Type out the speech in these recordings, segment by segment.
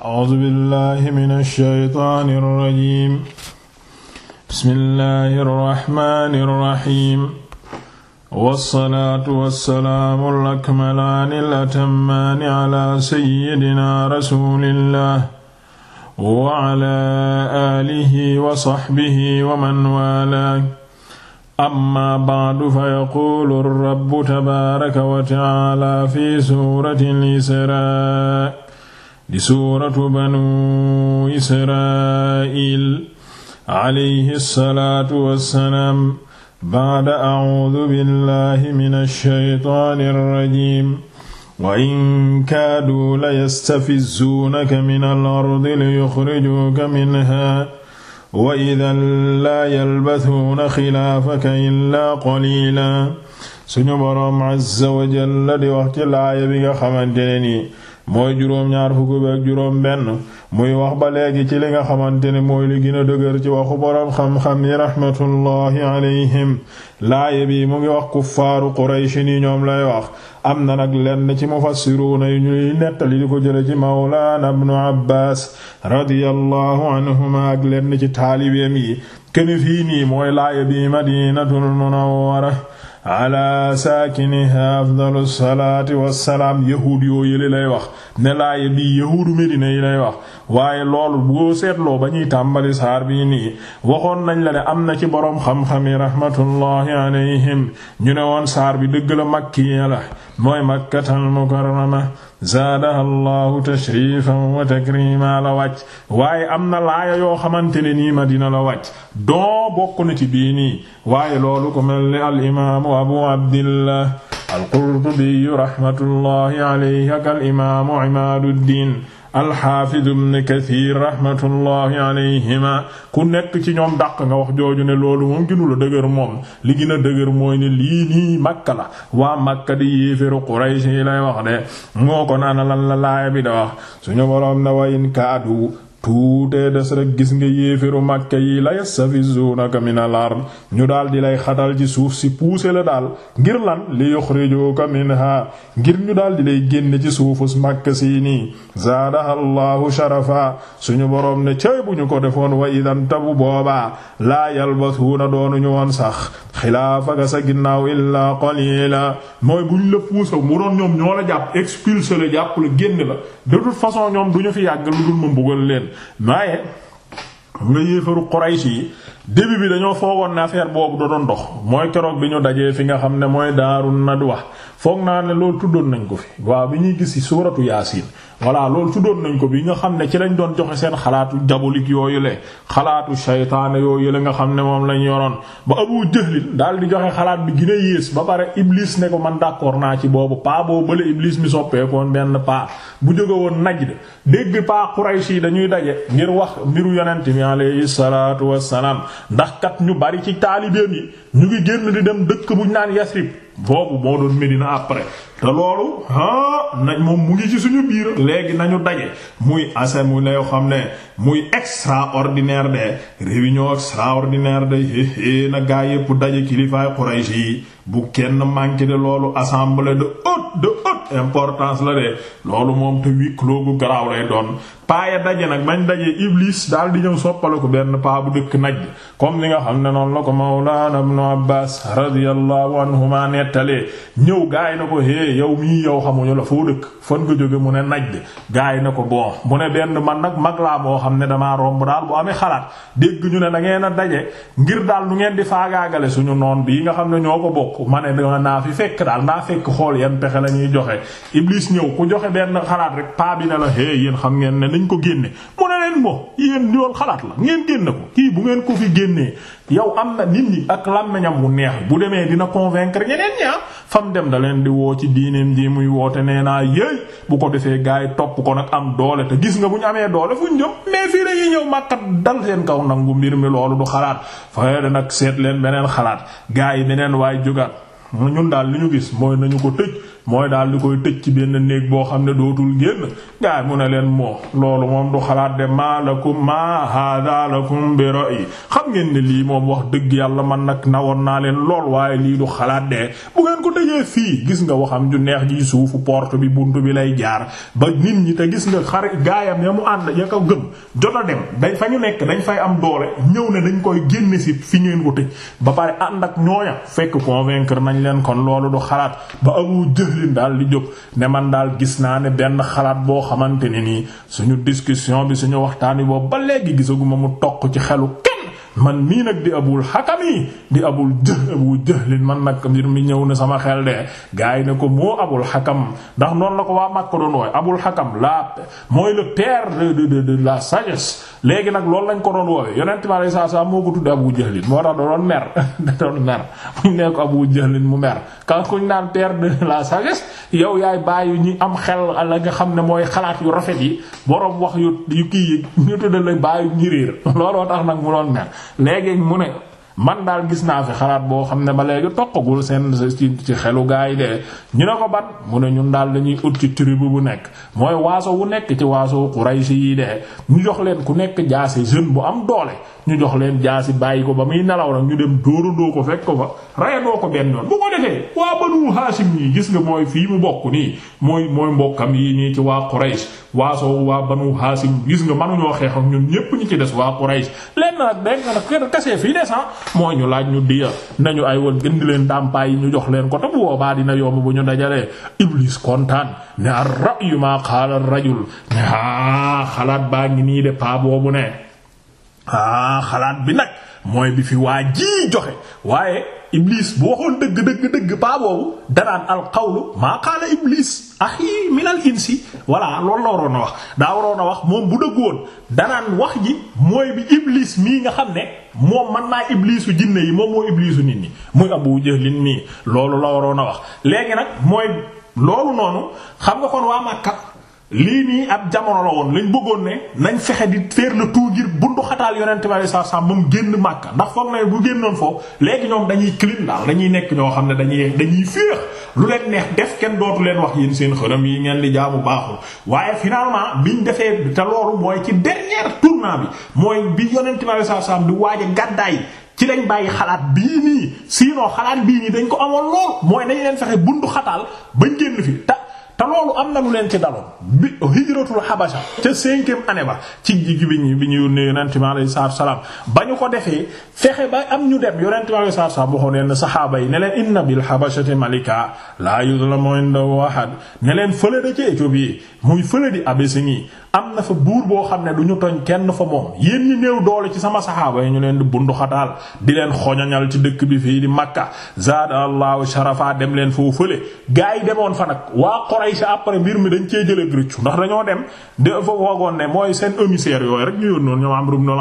A'uuzu billaahi mina shaytaani rajiim. Bismillaahi rahmaani rahiim. Wassalaatu wassalaamu al-akmalaani al-atammaani alaa sayyidinaa rasuulillaah wa alaa aalihi wa sahbihi wa man waalaah. Ammaa ba'du fayaquulu rabbu tabaaraka wa ta'aalaa fi suuratil Israa. di suuratu banu israil alayhi salaatu wassalaam ba'da a'uudu billahi minash shaytaanir rajiim wa in kaaduu layastafizzuunaka minal ardi liyuxrijuuka minhaa wa idan laa yalbathuuna xilaafaka illaa qaliilaa suñu boroom azza wa jalla di wax ci laaya bi nga xamante ne nii mooy juróom-ñaar fukk ak juróom benn muy wax ba léegi ci li nga xamante ne mooy li gën a dëgër ci waxu boroom xam-xam yi rahmatullahi alayhim laaye bi mu ngi wax kuffaaru Quraysh ni ñoom lay wax am na nag lenn ci mufassiruuna yu ñuy nettali di ko jële ci mawlaana ibnu Abbaas radiyallahu anhuma ak lenn ci taalibeem yi kene fii nii mooy laaye bi Madinatul Munawwara ala saakiniha afdalu salaati wassalaam yahuud yoo yële lay wax ne laaye bii yahuudu Medina yi wax waaye loolu boo seetloo ba ñuy tàmbali saar bi nii waxoon nañ la ne am na ci boroom xam-xam yi rahmatullahi alayhim ñu ne woon saar bi dëgg la makkiya la mooy makkatal mukarrama zaadaha allahu tashrifan wa takrima la wàcc waaye am na laaya yoo xamante ne nii madina la wàcc don bokk na ci bii nii waaye loolu ko mel ni al imaamu abu abdillah al qurtubi rahmatullahi alayhi ak al imaamu imaaduddin alxaafiz ibn kathir rahmatullahi alayhima ku nekk ci ñoom dàq nga wax jooju ne loolu moom gënu la dëgër moom li gën a dëgër mooy ne lii nii makka la waa makka di yéeféru quraysh yi lay wax de moo kon ana lan la laaya bi da wax suñu boroom na kaadu tuutee des rek gis nga yéefiru màkke yi la yastafizunaka minal ard ñu daldi di lay xatal ci suuf si pousser la daal ngir lan li yuxrijuka minha ngir ñu daal di lay génne ci suufus màkk sii nii zaadaha allahu sharafa suñu boroom ne cay bu ñu ko defoon wa idan tabu boobaa laa yalbasuuna doonuñu woon sax xilaafaka sa ginnaaw illaa qalila mooy buñ la pousser mu doon ñoom ñoo la jàpp expulser la jàpp la génn la de toute façon ñoom duñu fi yàgg lu dul ma mbugal maaye nga yéefaru Quraysh yi début bi dañoo foogoon ne affaire boobu da doon dox mooy keroog bi ñu dajee fi nga xam ne mooy daaru nadwa foog naa ne loolu tuddoon nañ ko fi waaw bi ñuy gis ci suuratu Yaasiin voilà loolu doon nañ ko bi nga xam ne ci lañ doon joxe seen xalaatu diabolique yooyu le xalaatu shaytaane yooyu la nga xam ne moom lañ yoroon ba Abu Jahl daal di joxe xalaat bi gën yées ba pare Iblis ne ko man d'accord naa ci boobu paaboo boo bële Iblis mi soppeekoon benn paa bu jóge woon Najd dégg paa Quraysh yi dañuy daje ngir wax mbiru yonent bi alayhi salaatu wassalaam ndax kat ñu bari ci taalibeem yi ñu ngi génn di dem dëkk buñ naan Yasrib boobu moo doon Medina après te loolu ah nañ moom mu ngi ci suñu biir léegi nañu daje muy asemu ne yoo xam ne muy extraordinaire de réunion extraordinaire de na gaa yépp daje kilifaay Quraysh yi bu kenn manqué de loolu assemblée de haute de haute importance la de loolu moom te huis clos gu garaaw lay doon paaya daje nag bañ dajee Iblis daal di ñëw soppale ko benn paa bu dëkk naj comme ni nga xam ne noonu la ko Mawlana Ibn Abbas radiyallahu anhuma nettalee ñëw gaay na ko hé yow mii yow xamuñu la foo dëkk fan nga jóge mu ne naj gaay na ko bon mu ne benn man nag mag laa boo xam ne damaa romb daal bu amee xalaat dégg ñu ne da ngeen a daje ngir daal nu ngeen di faagaagale suñu noon bii nga xam ne ñoo ko bokk bokk ma ne naa fi fekk daal naa fekk xool yan pexe la ñuy joxe Iblis ñëw ku joxe benn xalaat rek paa bi ne la hé yéen xam ngeen ne lañ ko génne mu ne leen mo yéen loolu xalaat la ngeen génne ko kii bu ngeen ko fi génnee yow am na nit ñi ak làmmiñam bu neex bu demee dina convaincre ñeneen ñi ah. fam dem da leen di woo ci diineem ji muy woote nee naa yéey bu ko defee gars yi topp ko nag am doole te gis nga bu ñu amee doole fu ñu jëm mais fii la ñuy ñëw màkkat dal seen kaw nangu mbir mi loolu du xalaat fay da nag seet leen beneen xalaat gars yi beneen waay jógaat ñun daal li ñu gis mooy nañu ko tëj. mooy daal di koy tëj ci benn néeg boo xam ne dootul génn gaay mu ne leen moo loolu moom du xalaat de maa lakum maa hada lakum bi ra'i xam ngeen ne lii moom wax dëgg yàlla man nag na woon naa leen lool waaye lii du xalaat de bu ngeen ko tëjee fii gis nga waxam ju neex ji suufu porte bi bunt bi lay jaar ba nit ñi te gis nga xar gaayam ya mu ànd ya ko gëm jot a dem dañ fa ñu nekk dañ fay am doole ñëw ne dañ koy génne si fi ngeen ko tëj ba pare ànd ak ñooña fekk convaincre nañ leen kon Jahlin daal di jóg ne man daal gis naa ne benn xalaat boo xamante ne nii suñu discussion bi suñu waxtaan bi boobu ba léegi gisaguma mu toq ci xelu man mii nag di abul xakami di abul jë abu jëhlin man nag mbir mi ñëw na sama xel de gars yi ne ko moo abul xakam ndax noonu la ko waa Makka doon wooy abul xakam la mooy le père de de de la sagesse léegi nag loolu lañ ko doon woowe yonent mi alayhi moo ko tudde moo tax mer da doon mer buñ ko abu jëhlin mu mer kan kuñ naan père de la yow yaay bàyyi ñu am xel la nga xam ne mooy xalaat yu rafet yi boroom wax yu kii yi ñu tudde la bàyyi ñi réer looloo tax nag mu doon mer léegi mu ne man daal gis naa fi xalaat boo xam ne ba léegi toqagul seen ci ci xelu gaa yi de ñu ne ko ban mu ne ñun daal dañuy ut ci tribu bu nekk mooy waaso wu nekk ci waaso Quraysh de ñu jox leen ku nekk jaasi jeune bu am doole ñu jox leen jaasi bàyyi ko ba muy nelaw nag ñu dem dóorandoo ko ko fa ko benn yoon ko defee waa Banu Hashim gis nga mooy fii mu bokk nii mooy mooy mbokkam yi nii ci waa Quraysh waaso waa Banu Hashim gis nga mënuñoo xeex ak ñun ñépp ñu ci des waa Quraysh na dégg nga nag fii des ah mooy ñu laaj ñu diya nañu ay woon gën di leen ndàmpaay yi ñu jox leen ko te bu boobaa dina yomb bu ñu dajalee iblis kontaan ne ar-ra'yu maa qaala rajul ne ah xalaat baa ngi nii de paa boobu ne ah xalaat bi nag. mooy bi fi waa ji joxe waaye iblis bu waxoon dëgg dëgg dëgg paa boobu danaan alqawlu maa qaala iblis axi min al insi voilà loolu la waroon a wax daa waroon a wax moom bu dëgg woon danaan wax ji mooy bi iblis mii nga xam ne moom man naa iblisu jinne yi moom moo iblisu nit ñi muy abu jahlin mii loolu la waroon a wax léegi nag mooy loolu noonu xam nga kon waa Makka lii nii ab jamono la woon lañ bëggoon ne nañ fexe di faire na tour ngir bundu xataal yonent bi saa saa mu génn màkka ndax foog na bu génnoon foofu léegi ñoom dañuy clean daal dañuy nekk ñoo xam ne dañuy dañuy lu leen neex def kenn dootu leen wax yéen seen xërëm yi ngeen di jaamu baaxul. waaye bi ñu defee te loolu mooy ci dernier tournant bi mooy bi yonent bi saa saa di waaj a gàddaay ci lañ bàyyi xalaat bii nii sinon xalaat nii dañ ko amoon mooy nañ leen fexe bundu xataal bañ génn fi. te loolu am na lu leen ci daloon bi hijratul Habasha ca cinquième année ba ci jigi bi ñu bi ñu yónnee yonent bi alayhi salaatu salaam ba ñu ko defee fexe ba am ñu dem yonent bi alayhi salaatu salaam waxoon leen saxaaba yi ne leen inna bil Habashati malika laa yuzlamu indahu ahad ne leen fële da ci Éthiopie muy fële di Abyssinie am na fa buur boo xam ne du ñu toñ kenn fa moom yéen ñi néew doole ci sama saxaaba yi ñu leen di daal di leen xoñoñal ci dëkk bi fii di Makka zaada Allahu sharafa dem leen foofu gaa yi demoon fa nag Quraysh après mbir mi dañ cee jëlee rëccu ndax dañoo dem de fa foogoon ne mooy seen émissaire yooyu rek ñu yónnoon ñoom Amr ibn al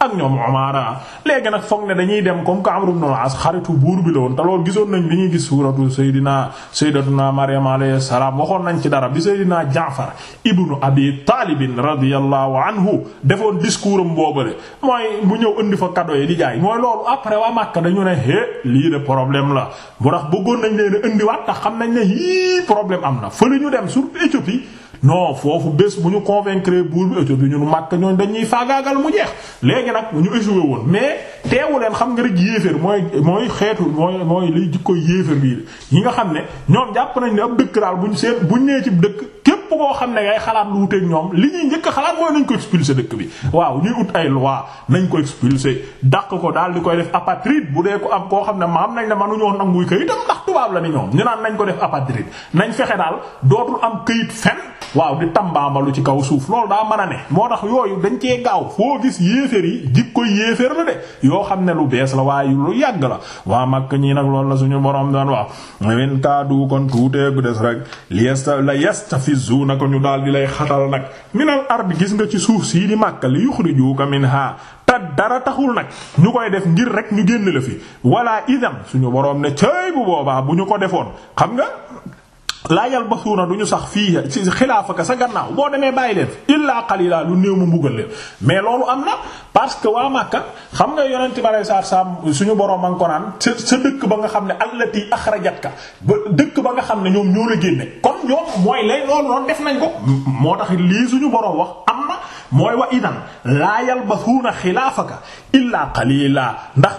ak ñoom Umaara léegi nag foog ne dañuy dem comme que Amr ibn al-As xaritu buur bi la woon te loolu gisoon nañ bi ñuy gis suuratu Seydina Seydatuna Maryam alayhi salaam waxoon nañ ci dara bi Seydina Jaafar ibnu Abi Taalib radiyallahu anhu defoon discours am boobale mooy bu ñëw indi fa cadeau yi di jaay mooy loolu après waa Makka dañu ne hé lii de problème la bu tax nañ leen a indiwaat tax xam nañ ne hii problème am na fële ñu dem surtout Éthiopie non foofu bés bu ñu convaincre buur bi Éthiopie ñun màkk ñooñ dañuy faagaagal mu jeex léegi nag ñu échoué woon mais teewu leen xam nga rek yéeféer mooy mooy xeetu mooy mooy liy jikko yéeféer bii yi nga xam ne ñoom jàpp nañ ne ab dëkk daal buñ seet buñ nee ci dëkk képp koo xam ne ngay xalaat lu wuteeg ñoom li ñuy njëkk xalaat mooy nañ ko expulser dëkk bi waaw ñuy ut ay loi nañ ko expulser daq ko daal di koy def apatride bu dee ko am koo xam ne maam nañ ne mënuñoo nanguy kayitam ndax tubaab la ni ñoom ñu naan nañ ko def apatride nañ fexe daal dootul am këyit fen waaw di tambaambalu ci kaw suuf loolu daa mën a ne moo tax yooyu dañ cee gaaw foo gis yéeféer yi jikkoy yéeféer la de yoo xam ne lu bees la waaye lu yàgg la waa màkk ñi nag loolu la suñu borom doon wax wen kaadu kon tuutee gu des rek liyesta la yastafizuna ko ñu daal di lay xatal nag minal ard gis nga ci suuf sii di màkk li yuxrijuka minha te dara taxul nag ñu koy def ngir rek ñu génn la fi walla idam suñu boroom ne cëy bu boobaa bu ñu ko defoon xam nga laa yalbasuuna du ñu sax fii ci xilaafaka sa gannaaw boo demee bàyyi leen illaa qalila lu néew mu mbugal leen mais loolu am na parce que waa Màkka xam nga yonent bi alei saatu salaam suñu boroom a ngi ko naan sa sa dëkk ba nga xam ne allati axrajatka ba dëkk ba nga xam ne ñoom ñoo la génne kon ñoom mooy lay loolu noonu def nañ ko moo tax suñu boroom mooy wa idan laa yalbasuuna xilaafaka illaa qalila ndax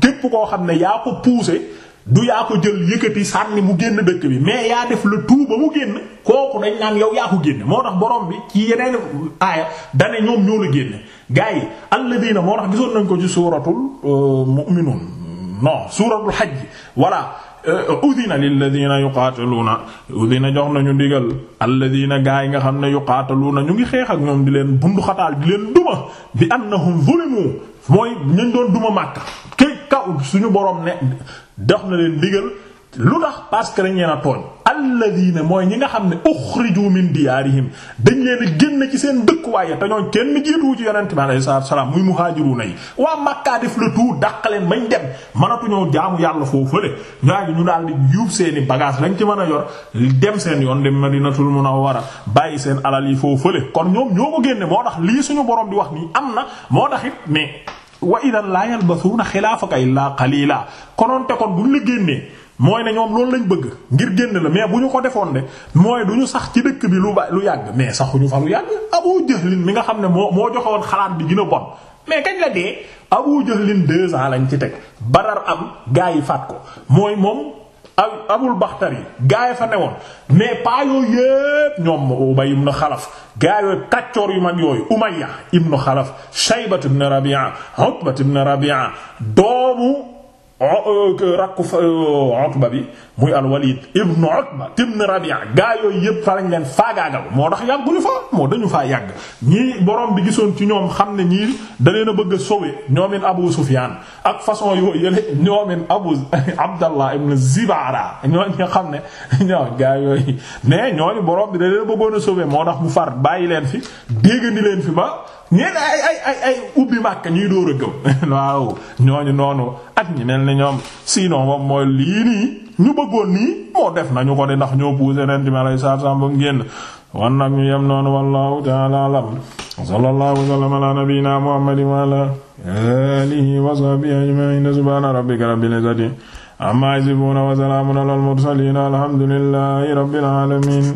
képp koo xam ne yaa ko poussé du yaa ko jël yëkkati sànni mu génn dëkk bi mais yaa def la tout ba mu génn kooku dañ naan yow yaa ko génne moo tax borom bi ci yeneen aaya dane ñoom ñoo la génne gars yi alladina moo tax gisoon nañ ko ci suuratul euh, mu'minuun non suuratul hajj voilà Eh, udina lilladina yuqaataluuna udina jox nañu ndigal alladina gaa yi nga xam ne yuqaataluuna ñu ngi xeex ak ñoom di leen bunduxataal di leen duma bi annahum zulimu mooy ñu doon duma màkk kay kaw suñu borom ne dox na leen ndigal lu tax parce que dañ leen a tooñ alladina mooy ñi nga xam ne uxriju min diyaarihim dañ leen a génn ci seen dëkkuwaay ya te ñooñ kenn jiitu ci yonent bi alayhi salaatu salaam muy muhaajiruuna yi waa Makka def le tout dàq leen bañ dem mënatuñoo jaamu yàlla foofu fële ñaagi ñu daal di yuub seeni bagage lañ ci mën a yor dem seen yoon dem Madinatul Munawwara bàyyi seen alal yi foofu fële kon ñoom ñoo ko génne moo tax lii suñu boroom di wax nii am na moo tax it mais wa idan la yalbasuuna xilaafaka illaa qaliila konoonte kon buñ la mooy ne ñoom loolu lañ bëgg ngir génn la mais bu ñu ko defoon de mooy du ñu sax ci dëkk bi lu ba lu yàgg mais saxuñu fa lu yàgg Abu Jahlin mi nga xam ne moo moo joxewoon xalaat bi gën a bon mais la dee Abu Jahlin deux ans lañ ci teg Badar am gaa yi faat ko mooy moom Abul Baxtari gaa yi fa ne woon mais pas yooyu yépp ñoom Ubay ibn Xalaf gaa yooyu kaccoor yu mag yooyu Umayya ibn Xalaf Shaybat ibn Rabi'a Utbat ibn Rabi'a doomu Ah, euh, rakku euh, Utba bi muy al-Walid ibn Utba ibn Rabi'a gaa yooyu yëpp fa lañ leen faagaagal moo tax yàggulu fa moo dañu faa yàgg ñii borom bi gisoon ci ñoom xam ne ñii da leen a bëgg a sowe ñoomin Abu Sufyan ak façon yooyu yële ñoomin Abu Abdallah ibn Zibara ñooñ nga xam ne ñoo gaa yooyu mais ñooñu borom bi da leen a bëggoon a moo tax mu far bàyyi leen fi déggandi leen fi ba ñeen ay ay ay ay ubbi màkk ñuy dóor a gëm waaw ñooñu noonu ak ñi mel ni ñoom sinon moom mooy lii nii ñu bëggoon nii moo def nañu ko di ndax ñoo poussé ren ci ma lay génn wan ñu yem noonu wallahu ta'ala alam sallallahu wa sallam ala nabiyyina muhammadin wa ala alihi wa sahbihi ajma'in subhana rabbika rabbil izzati alhamdulillahi rabbil alamin